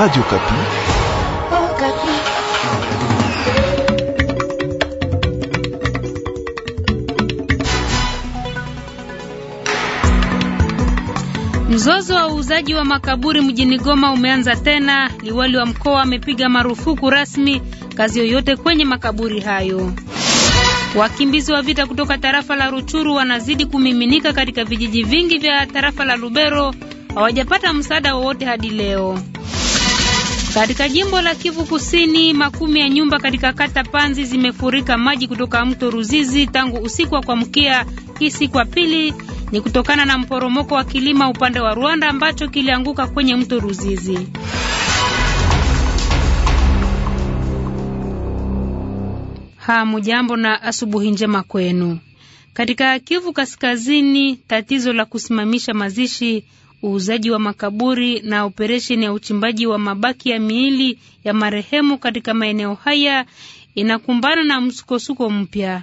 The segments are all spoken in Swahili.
Radio Kapi. Oh, Kapi. Mzozo wa uuzaji wa makaburi mjini Goma umeanza tena. Liwali wa mkoa amepiga marufuku rasmi kazi yoyote kwenye makaburi hayo. Wakimbizi wa vita kutoka tarafa la Ruchuru wanazidi kumiminika katika vijiji vingi vya tarafa la Lubero, hawajapata msaada wowote hadi leo. Katika jimbo la Kivu Kusini, makumi ya nyumba katika kata Panzi zimefurika maji kutoka mto Ruzizi tangu usiku wa kuamkia hii siku ya pili. Ni kutokana na mporomoko wa kilima upande wa Rwanda ambacho kilianguka kwenye mto Ruzizi. Hamujambo na asubuhi njema kwenu. Katika Kivu Kaskazini, tatizo la kusimamisha mazishi uuzaji wa makaburi na operesheni ya uchimbaji wa mabaki ya miili ya marehemu katika maeneo haya inakumbana na msukosuko mpya.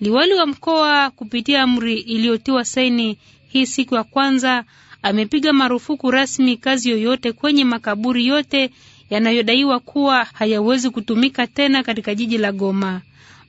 Liwali wa mkoa kupitia amri iliyotiwa saini hii siku ya kwanza amepiga marufuku rasmi kazi yoyote kwenye makaburi yote yanayodaiwa kuwa hayawezi kutumika tena katika jiji la Goma.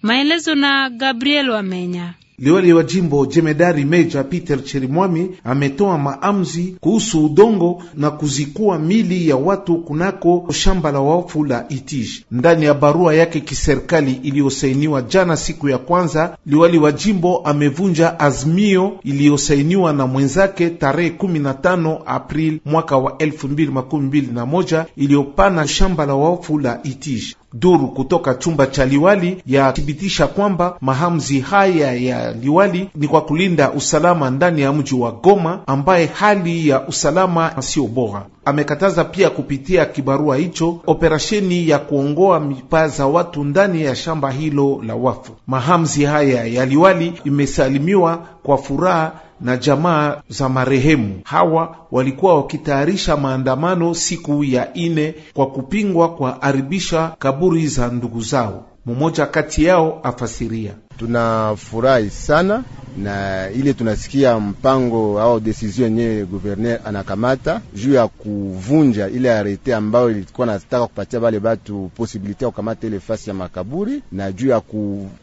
Maelezo na Gabriel Wamenya. Liwali wa jimbo jemedari Meja Peter Cherimwami ametoa maamuzi kuhusu udongo na kuzikuwa mili ya watu kunako shamba la wafu la itij Ndani ya barua yake kiserikali iliyosainiwa jana siku ya kwanza, liwali wa jimbo amevunja azimio iliyosainiwa na mwenzake tarehe 15 Aprili mwaka wa 2021 iliyopana shamba la wafu la itij Duru kutoka chumba cha liwali yathibitisha kwamba mahamzi haya ya liwali ni kwa kulinda usalama ndani ya mji wa Goma, ambaye hali ya usalama sio bora. Amekataza pia kupitia kibarua hicho operasheni ya kuongoa mipaa za watu ndani ya shamba hilo la wafu. Mahamzi haya ya liwali imesalimiwa kwa furaha na jamaa za marehemu. Hawa walikuwa wakitayarisha maandamano siku ya ine kwa kupingwa kwa aribisha kaburi za ndugu zao mmoja kati yao afasiria. Tunafurahi sana na ile tunasikia mpango au decision yenyewe guverner anakamata juu ya kuvunja ile arete ambayo ilikuwa nataka kupatia bale batu posibilite ya kukamata ile fasi ya makaburi na juu ya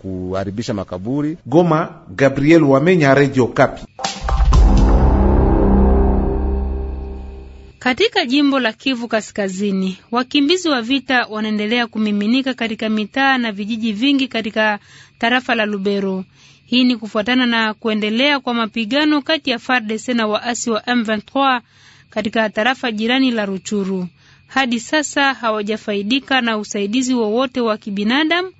kuharibisha makaburi. Goma, Gabriel Wamenya, Radio Kapi. Katika jimbo la Kivu Kaskazini, wakimbizi wa vita wanaendelea kumiminika katika mitaa na vijiji vingi katika tarafa la Lubero. Hii ni kufuatana na kuendelea kwa mapigano kati ya FARDC na waasi wa M23 katika tarafa jirani la Ruchuru. Hadi sasa hawajafaidika na usaidizi wowote wa, wa kibinadamu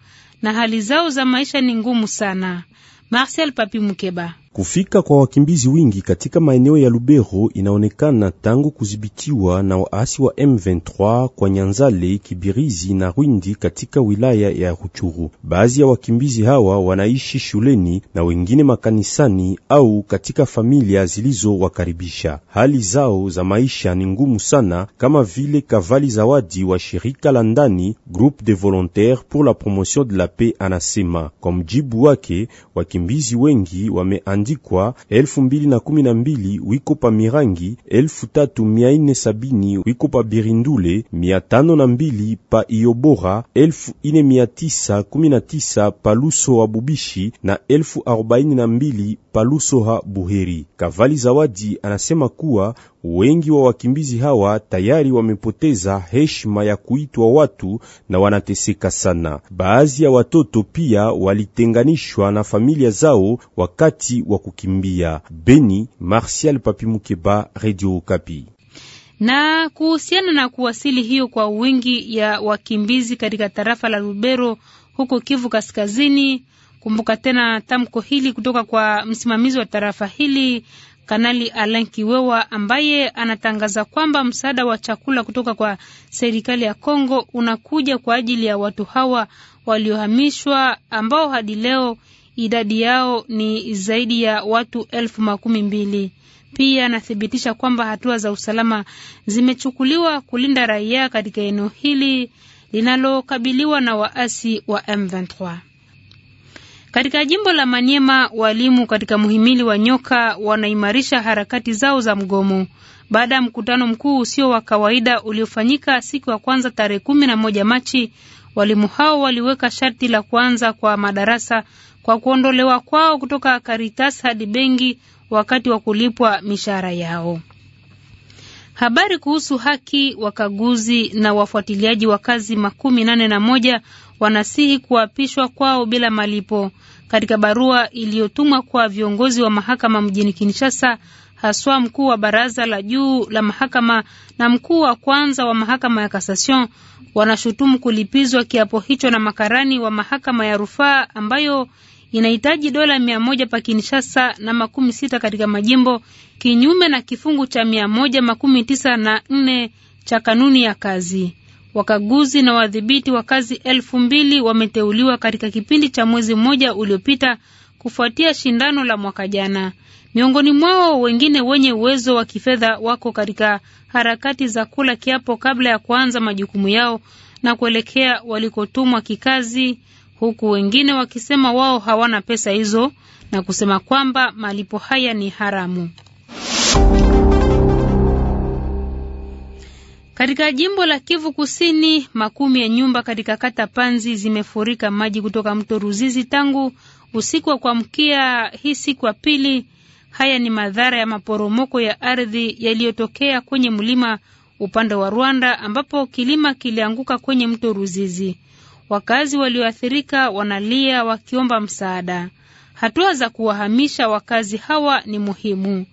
na hali zao za maisha ni ngumu sana. Marcel Papi Mukeba Kufika kwa wakimbizi wingi katika maeneo ya Lubero inaonekana tangu kudhibitiwa na waasi wa M23 kwa Nyanzale, Kibirizi na Rwindi katika wilaya ya Ruchuru. Baadhi ya wakimbizi hawa wanaishi shuleni na wengine makanisani au katika familia zilizowakaribisha. Hali zao za maisha ni ngumu sana, kama vile Kavali Zawadi wa shirika la ndani Groupe de Volontaires pour la Promotion de la Paix anasema. Kwa mjibu wake, wakimbizi wengi wame andikwa elfu mbili na kumi na mbili wiko pa Mirangi, elfu tatu mia ine sabini wiko pa Birindule, mia tano na mbili pa Iyobora, elfu ine mia tisa kumi na tisa pa Luso ha Bubishi na elfu arobaini na mbili pa Luso ha Buheri. Kavali Zawadi anasema kuwa wengi wa wakimbizi hawa tayari wamepoteza heshima ya kuitwa watu na wanateseka sana. Baadhi ya watoto pia walitenganishwa na familia zao wakati wa kukimbia. Beni, Martial Papi Mukeba, Radio Okapi. Na kuhusiana na kuwasili hiyo kwa wingi ya wakimbizi katika tarafa la Lubero huko Kivu Kaskazini, kumbuka tena tamko hili kutoka kwa msimamizi wa tarafa hili Kanali Alain Kiwewa ambaye anatangaza kwamba msaada wa chakula kutoka kwa serikali ya Kongo unakuja kwa ajili ya watu hawa waliohamishwa ambao hadi leo idadi yao ni zaidi ya watu elfu makumi mbili. Pia anathibitisha kwamba hatua za usalama zimechukuliwa kulinda raia katika eneo hili linalokabiliwa na waasi wa M23. Katika jimbo la Maniema, walimu katika muhimili wa Nyoka wanaimarisha harakati zao za mgomo baada ya mkutano mkuu usio wa kawaida uliofanyika siku ya kwanza tarehe kumi na moja Machi. Walimu hao waliweka sharti la kuanza kwa madarasa kwa kuondolewa kwao kutoka karitas hadi benki wakati wa kulipwa mishahara yao. Habari kuhusu haki, wakaguzi na wafuatiliaji wa kazi makumi nane na moja wanasihi kuapishwa kwao bila malipo. Katika barua iliyotumwa kwa viongozi wa mahakama mjini Kinshasa, haswa mkuu wa baraza la juu la mahakama na mkuu wa kwanza wa mahakama ya kasasion wanashutumu kulipizwa kiapo hicho na makarani wa mahakama ya rufaa ambayo inahitaji dola mia moja pa Kinshasa na makumi sita katika majimbo, kinyume na kifungu cha mia moja makumi tisa na nne cha kanuni ya kazi. Wakaguzi na wadhibiti wa kazi elfu mbili wameteuliwa katika kipindi cha mwezi mmoja uliopita kufuatia shindano la mwaka jana. Miongoni mwao wengine wenye uwezo wa kifedha wako katika harakati za kula kiapo kabla ya kuanza majukumu yao na kuelekea walikotumwa kikazi, huku wengine wakisema wao hawana pesa hizo na kusema kwamba malipo haya ni haramu. Katika jimbo la Kivu Kusini, makumi ya nyumba katika kata Panzi zimefurika maji kutoka mto Ruzizi tangu usiku wa kuamkia hii siku ya pili Haya ni madhara ya maporomoko ya ardhi yaliyotokea kwenye mlima upande wa Rwanda ambapo kilima kilianguka kwenye mto Ruzizi. Wakazi walioathirika wanalia wakiomba msaada. Hatua za kuwahamisha wakazi hawa ni muhimu.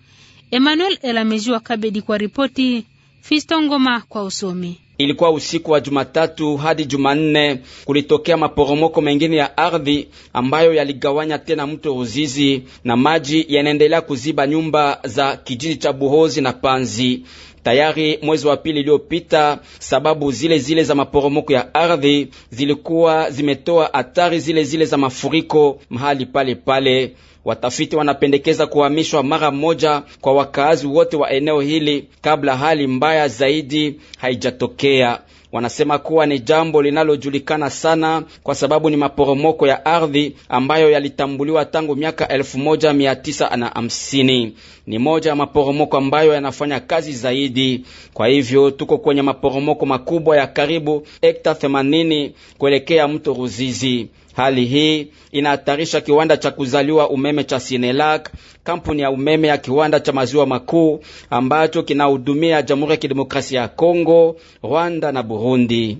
Emmanuel Elamejua Kabedi kwa ripoti, Fisto Ngoma kwa usomi. Ilikuwa usiku wa Jumatatu hadi Jumanne, kulitokea maporomoko mengine ya ardhi ambayo yaligawanya tena mto Ruzizi, na maji yanaendelea kuziba nyumba za kijiji cha Buhozi na Panzi. Tayari mwezi wa pili iliyopita, sababu zile zile za maporomoko ya ardhi zilikuwa zimetoa hatari zile zile za mafuriko mahali pale pale. Watafiti wanapendekeza kuhamishwa mara moja kwa wakaazi wote wa eneo hili kabla hali mbaya zaidi haijatokea. Wanasema kuwa ni jambo linalojulikana sana kwa sababu ni maporomoko ya ardhi ambayo yalitambuliwa tangu miaka 1950 Ni moja ya maporomoko ambayo yanafanya kazi zaidi. Kwa hivyo tuko kwenye maporomoko makubwa ya karibu hekta 80 kuelekea mto Ruzizi. Hali hii inahatarisha kiwanda cha kuzaliwa umeme cha Sinelac, kampuni ya umeme ya kiwanda cha maziwa makuu ambacho kinahudumia Jamhuri ya Kidemokrasia ya Kongo, Rwanda na Burundi.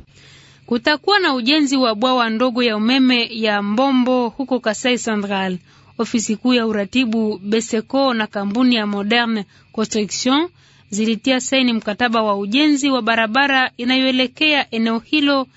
Kutakuwa na ujenzi wa bwawa ndogo ya umeme ya Mbombo huko Kasai Central. Ofisi kuu ya uratibu Beseko na kampuni ya Moderne Construction zilitia saini mkataba wa ujenzi wa barabara inayoelekea eneo hilo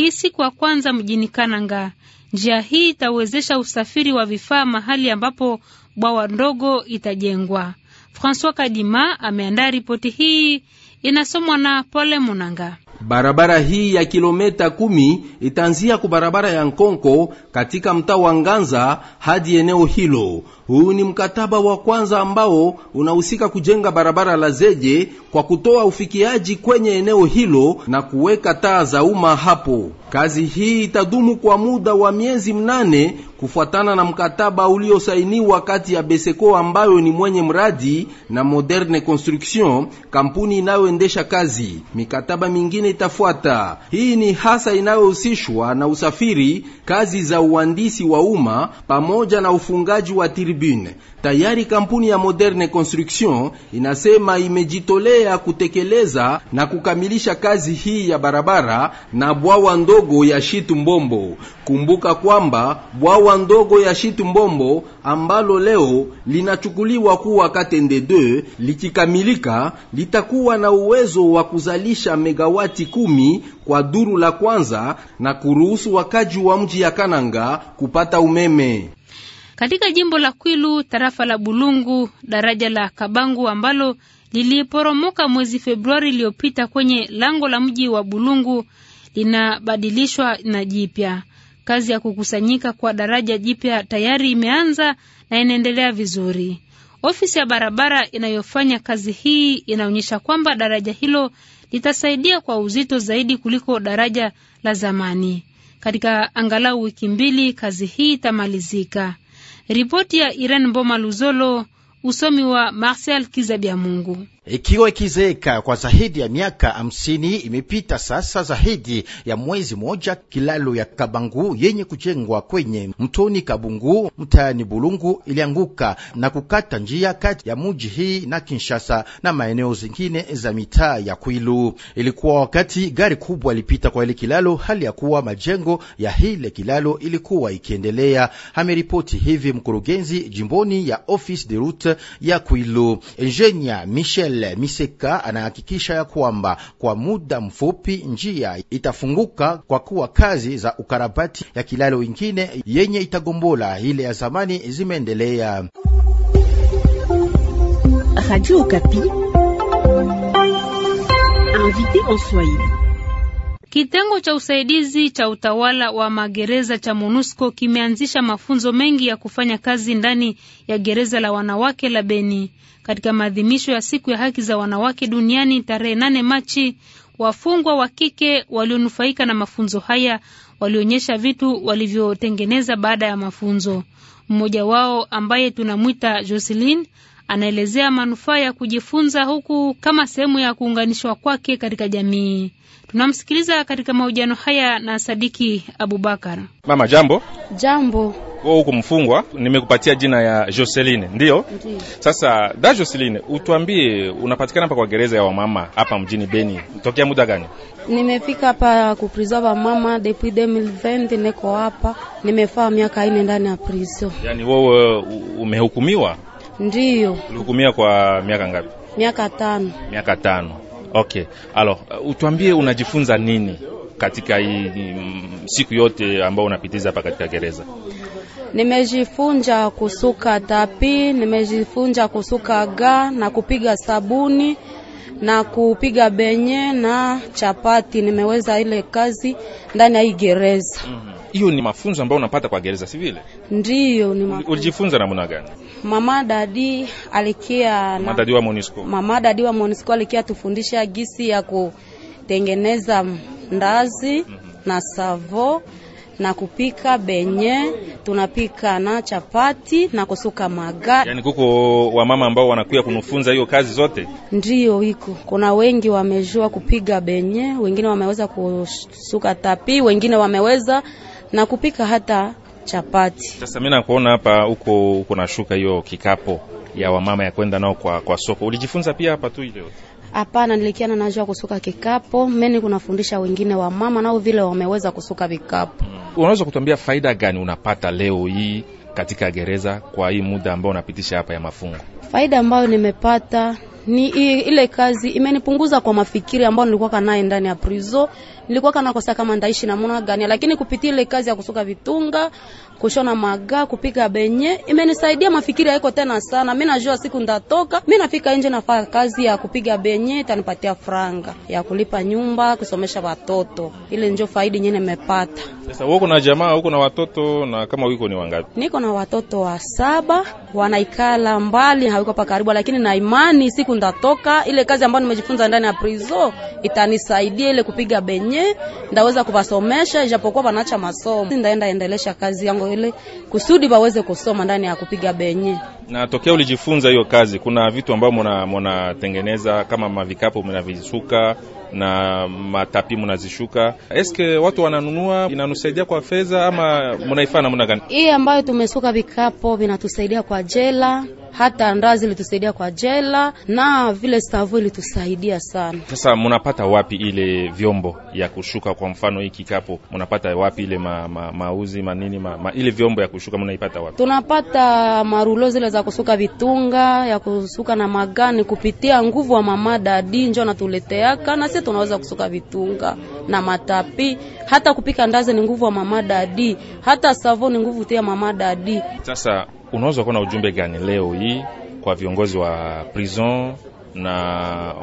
hii siku ya kwanza mjini Kananga. Njia hii itawezesha usafiri wa vifaa mahali ambapo bwawa ndogo itajengwa. Francois Kadima ameandaa ripoti hii, inasomwa na Pole Munanga. Barabara hii ya kilometa kumi itaanzia ku barabara ya Nkonko katika mtaa wa Nganza hadi eneo hilo. Huu ni mkataba wa kwanza ambao unahusika kujenga barabara la Zeje kwa kutoa ufikiaji kwenye eneo hilo na kuweka taa za umma hapo. Kazi hii itadumu kwa muda wa miezi mnane kufuatana na mkataba uliosainiwa kati ya Beseko ambayo ni mwenye mradi na Moderne Construction, kampuni inayoendesha kazi. Mikataba mingine itafuata. Hii ni hasa inayohusishwa na usafiri, kazi za uhandisi wa umma pamoja na ufungaji wa tribune. Tayari kampuni ya Moderne Construction inasema imejitolea kutekeleza na kukamilisha kazi hii ya barabara na bwawa ndogo ya Shitu Mbombo. Kumbuka kwamba bwawa mkoa ndogo ya Shitu Mbombo ambalo leo linachukuliwa kuwa Katende 2 likikamilika, litakuwa na uwezo wa kuzalisha megawati kumi kwa duru la kwanza na kuruhusu wakaji wa mji ya Kananga kupata umeme. Katika jimbo la Kwilu, tarafa la Bulungu, daraja la Kabangu ambalo liliporomoka mwezi Februari iliyopita kwenye lango la mji wa Bulungu linabadilishwa na jipya. Kazi ya kukusanyika kwa daraja jipya tayari imeanza na inaendelea vizuri. Ofisi ya barabara inayofanya kazi hii inaonyesha kwamba daraja hilo litasaidia kwa uzito zaidi kuliko daraja la zamani. Katika angalau wiki mbili kazi hii itamalizika. Ripoti ya Irene Boma Luzolo. Usomi wa Marcel Kizabia Mungu. Ikiwa ikizeeka kwa zaidi ya miaka hamsini imepita sasa, zaidi ya mwezi mmoja, kilalo ya Kabangu yenye kujengwa kwenye mtoni Kabungu mtaani Bulungu ilianguka na kukata njia kati ya muji hii na Kinshasa na maeneo zingine za mitaa ya Kwilu. Ilikuwa wakati gari kubwa ilipita kwa ile kilalo, hali ya kuwa majengo ya hile kilalo ilikuwa ikiendelea. Ameripoti hivi mkurugenzi jimboni ya Office de Route ya Kwilu. Enjenia Michel Miseka anahakikisha ya kwamba kwa muda mfupi njia itafunguka kwa kuwa kazi za ukarabati ya kilalo ingine yenye itagombola ile ya zamani zimeendelea. Radio Okapi invité en Swahili Kitengo cha usaidizi cha utawala wa magereza cha MONUSCO kimeanzisha mafunzo mengi ya kufanya kazi ndani ya gereza la wanawake la Beni. Katika maadhimisho ya siku ya haki za wanawake duniani tarehe nane Machi, wafungwa wa kike walionufaika na mafunzo haya walionyesha vitu walivyotengeneza baada ya mafunzo. Mmoja wao ambaye tunamwita joselin anaelezea manufaa ya kujifunza huku kama sehemu ya kuunganishwa kwake katika jamii. Tunamsikiliza katika mahojiano haya na Sadiki Abubakar. Mama, jambo. Jambo. Wewe huku mfungwa, nimekupatia jina ya Joseline, ndio? Sasa da Joseline, utuambie unapatikana hapa kwa gereza ya wamama hapa mjini Beni tokea muda gani? Nimefika hapa kuprizo wamama depuis 2020 niko hapa, nimefaa miaka ine ndani ya prizo. Yaani wewe umehukumiwa? Ndiyo. Ulihukumia kwa miaka ngapi? Miaka tano. Miaka tano. Okay. alo uh, utwambie unajifunza nini katika hii mm, siku yote ambayo unapitiza hapa katika gereza? Nimejifunza kusuka tapi, nimejifunza kusuka ga na kupiga sabuni na kupiga benye na chapati. Nimeweza ile kazi ndani ya hii gereza. mm -hmm. Hiyo ni mafunzo ambayo unapata kwa gereza sivile? ndio ni mafunzo. Ulijifunza namna gani? Mama dadi alikia na... Mama dadi wa Monisco. Mama dadi wa Monisco alikia tufundisha gisi ya kutengeneza ndazi mm -hmm. na savo na kupika benye tunapika na chapati na kusuka maga. Yani kuko wamama ambao wanakuya kunufunza hiyo kazi zote, ndio iko kuna wengi wamejua kupiga benye, wengine wameweza kusuka tapi, wengine wameweza na kupika hata chapati. Sasa mimi nakuona hapa uko na nashuka hiyo kikapo ya wamama ya kwenda nao kwa, kwa soko. Ulijifunza pia hapa tu ile? Hapana, nilikiana najua kusuka kikapo. Mimi kunafundisha wengine wamama nao vile wameweza kusuka vikapo. Hmm. Unaweza kutuambia faida gani unapata leo hii katika gereza kwa hii muda ambao unapitisha hapa ya mafungo? Faida ambayo nimepata ni ile kazi imenipunguza kwa mafikiri ambayo nilikuwa naye ndani ya prizo nilikuwa kana kosa kama ndaishi na namna gani, lakini kupitia ile kazi ya kusuka vitunga, kushona maga, kupika benye imenisaidia mafikiri yako tena sana. Mimi najua siku ndatoka mimi nafika nje nafanya kazi ya kupiga benye itanipatia franga ya kulipa nyumba, kusomesha watoto. Ile ndio faidi nyingine nimepata. Sasa wewe kuna jamaa huko na watoto, na kama wiko ni wangapi? Niko na watoto wa saba, wanaikala mbali, hawiko pa karibu, lakini na imani siku ndatoka ile kazi ambayo nimejifunza ndani ya prizo itanisaidia ile kupiga benye mwenyewe ndaweza kuwasomesha, ijapokuwa wanacha masomo, ndaenda endelesha kazi yangu ile kusudi waweze kusoma ndani ya kupiga benye. Na tokea ulijifunza hiyo kazi, kuna vitu ambavyo mnatengeneza kama mavikapu mnavisuka na matapi mnazishuka. Eske watu wananunua, inanusaidia kwa fedha ama munaifaa namna gani? Hii ambayo tumesuka vikapo vinatusaidia kwa jela, hata ndazi ilitusaidia kwa jela na vile savu ilitusaidia sana. Sasa mnapata wapi ile vyombo ya kushuka? Kwa mfano hii kikapo mnapata wapi ile ma, ma, mauzi manini ma, ma, ile vyombo ya kushuka mnaipata wapi? Tunapata marulo zile za kusuka vitunga ya kusuka na magani kupitia nguvu wa mama dadi njo anatuleteaka na sote tunaweza kusuka vitunga na matapi, hata kupika ndazi ni nguvu ya mama dadi, hata savo ni nguvu ya mama dadi. Sasa unaweza kuwa na ujumbe gani leo hii kwa viongozi wa prison na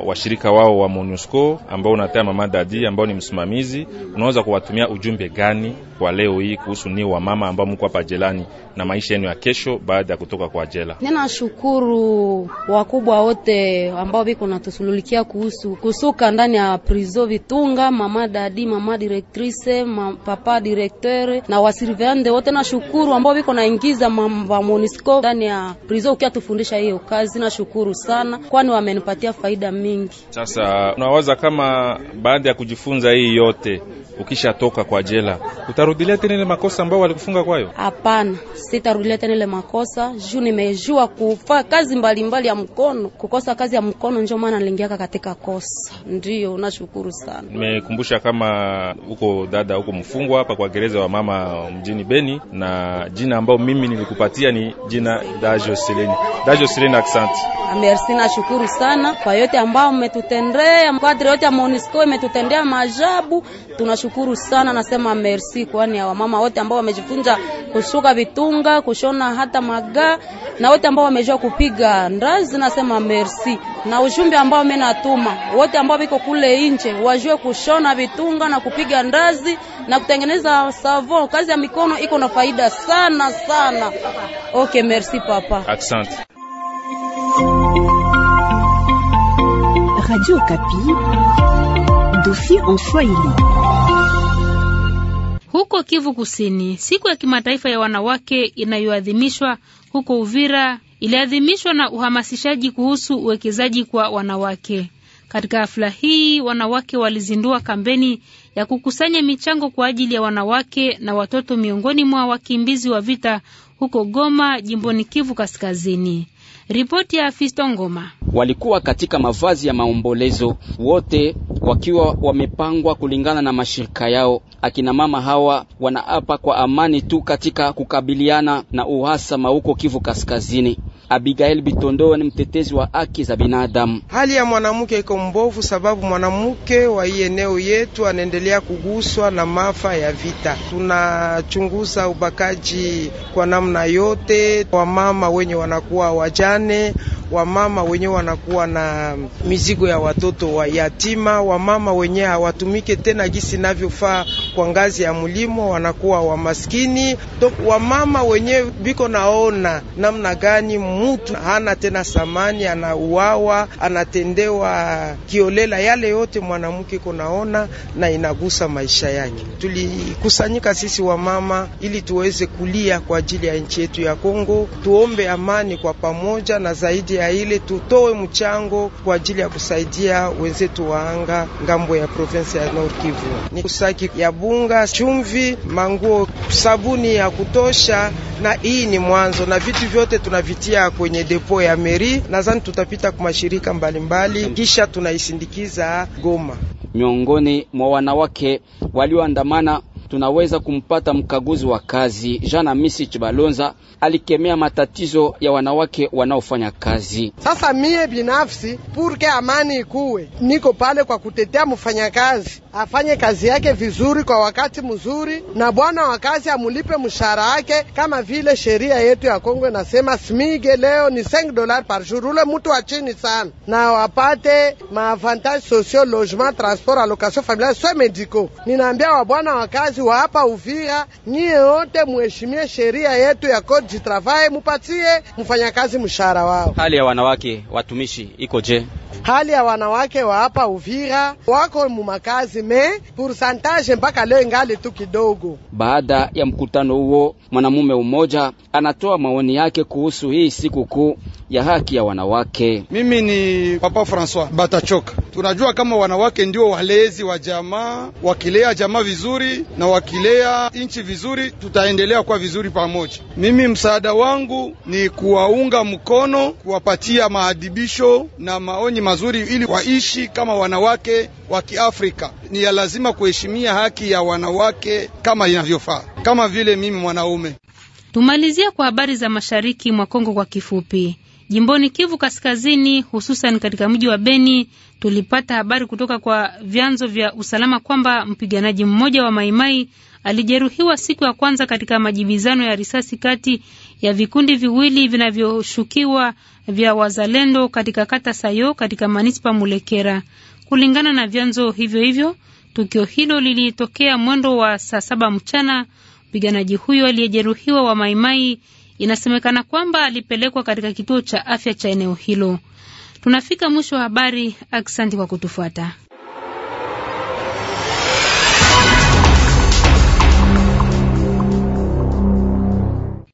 washirika wao wa MONUSCO ambao unatea mama dadi ambao ni msimamizi, unaweza kuwatumia ujumbe gani kwa leo hii kuhusu ni wa mama ambao mko hapa jelani na maisha yenu ya kesho baada ya kutoka kwa jela? Ninashukuru wakubwa wote ambao biko natusululikia kuhusu kusuka ndani ya prizo Vitunga, mama dadi, mama directrice, papa directeur na wasurveillante wote, nashukuru ambao biko naingiza mama MONUSCO ndani ya prizo ukiatufundisha hiyo kazi, nashukuru sana kwani wame imenipatia faida mingi. Sasa unawaza kama baada ya kujifunza hii yote ukishatoka kwa jela utarudilia tena ile makosa ambayo walikufunga kwayo? Hapana, sitarudilia tena ile makosa juu nimejua kufaa kazi mbalimbali mbali ya mkono. Kukosa kazi ya mkono ndio maana nilingiaka katika kosa. Ndio nashukuru sana, nimekumbusha kama huko dada huko mfungwa hapa kwa gereza wa mama mjini Beni, na jina ambayo mimi nilikupatia ni jina Dajo Seleni. Dajo Seleni, Accent, ah, Merci, nashukuru sana sana kwa yote ambao mmetutendea, kadri yote ya MONUSCO imetutendea maajabu. Tunashukuru sana, nasema merci, kwani hawa mama wote ambao wamejifunza kushuka vitunga, kushona hata maga na wote ambao wamejua kupiga ndazi, nasema merci. Na ujumbe ambao mimi natuma wote ambao biko kule nje wajue kushona vitunga na kupiga ndazi na kutengeneza savon, kazi ya mikono iko na faida sana sana. Okay, merci papa. Asante. Radio Kapi, dossier en Swahili. Huko Kivu Kusini, siku ya kimataifa ya wanawake inayoadhimishwa huko Uvira iliadhimishwa na uhamasishaji kuhusu uwekezaji kwa wanawake. Katika hafla hii wanawake walizindua kampeni ya kukusanya michango kwa ajili ya wanawake na watoto miongoni mwa wakimbizi wa vita huko Goma, jimboni Kivu Kaskazini. Ripoti ya Fisto Ngoma. Walikuwa katika mavazi ya maombolezo, wote wakiwa wamepangwa kulingana na mashirika yao. Akina mama hawa wanaapa kwa amani tu katika kukabiliana na uhasama huko Kivu Kaskazini. Abigail Bitondo ni mtetezi wa haki za binadamu. Hali ya mwanamke iko mbovu, sababu mwanamke wa hii eneo yetu anaendelea kuguswa na maafa ya vita. Tunachunguza ubakaji kwa namna yote, wamama wenye wanakuwa wajane wamama wenye wanakuwa na mizigo ya watoto wa yatima, wamama wenye hawatumike tena gisi inavyofaa kwa ngazi ya mlimo, wanakuwa wamaskini. Wamama wenye biko naona namna gani mutu hana tena samani, anauawa, anatendewa kiolela, yale yote mwanamke naona na inagusa maisha yake. Tulikusanyika sisi wamama ili tuweze kulia kwa ajili ya nchi yetu ya Kongo, tuombe amani kwa pamoja na zaidi ya ile tutoe mchango kwa ajili ya kusaidia wenzetu wa anga ngambo ya province ya Nord Kivu. Ni kusaki ya bunga, chumvi, manguo, sabuni ya kutosha, na hii ni mwanzo, na vitu vyote tunavitia kwenye depo ya meri. Nadhani tutapita kwa mashirika mbalimbali mbali, kisha tunaisindikiza Goma. Miongoni mwa wanawake walioandamana tunaweza kumpata mkaguzi wa kazi Jana Misi Chibalonza alikemea matatizo ya wanawake wanaofanya kazi. Sasa mie binafsi, purke amani ikuwe, niko pale kwa kutetea mfanyakazi afanye kazi yake vizuri kwa wakati mzuri, na bwana wa kazi amulipe mshahara wake kama vile sheria yetu ya Kongo inasema. Smige leo ni 5 dola par jour, ule mtu wa chini sana, na wapate maavantage sociaux, logement, transport, allocation familiale, soins medicaux. Ninaambia wabwana wa kazi viongozi wa hapa Uvira, nyie wote muheshimie sheria yetu ya code du travail, mupatie mfanyakazi mshahara wao. Hali ya wanawake watumishi ikoje? hali ya wanawake wa hapa Uvira wako mumakazi me pourcentage mpaka leo ingali tu kidogo. Baada ya mkutano huo, mwanamume umoja anatoa maoni yake kuhusu hii sikukuu ya haki ya wanawake. Mimi ni Papa Francois Batachoka. Tunajua kama wanawake ndio walezi wa jamaa, wakilea jamaa vizuri na wakilea nchi vizuri, tutaendelea kwa vizuri pamoja. Mimi msaada wangu ni kuwaunga mkono, kuwapatia maadibisho na maoni mazuri ili waishi kama wanawake wa Kiafrika. Ni ya lazima kuheshimia haki ya wanawake kama inavyofaa, kama vile mimi mwanaume. Tumalizia kwa habari za mashariki mwa Kongo kwa kifupi. Jimboni Kivu Kaskazini, hususan katika mji wa Beni, tulipata habari kutoka kwa vyanzo vya usalama kwamba mpiganaji mmoja wa Maimai alijeruhiwa siku ya kwanza katika majibizano ya risasi kati ya vikundi viwili vinavyoshukiwa vya wazalendo katika kata Sayo katika manispa Mulekera. Kulingana na vyanzo hivyo hivyo, tukio hilo lilitokea mwendo wa saa saba mchana. Mpiganaji huyo aliyejeruhiwa wa Maimai inasemekana kwamba alipelekwa katika kituo cha afya cha eneo hilo. Tunafika mwisho wa habari. Aksanti kwa kutufuata.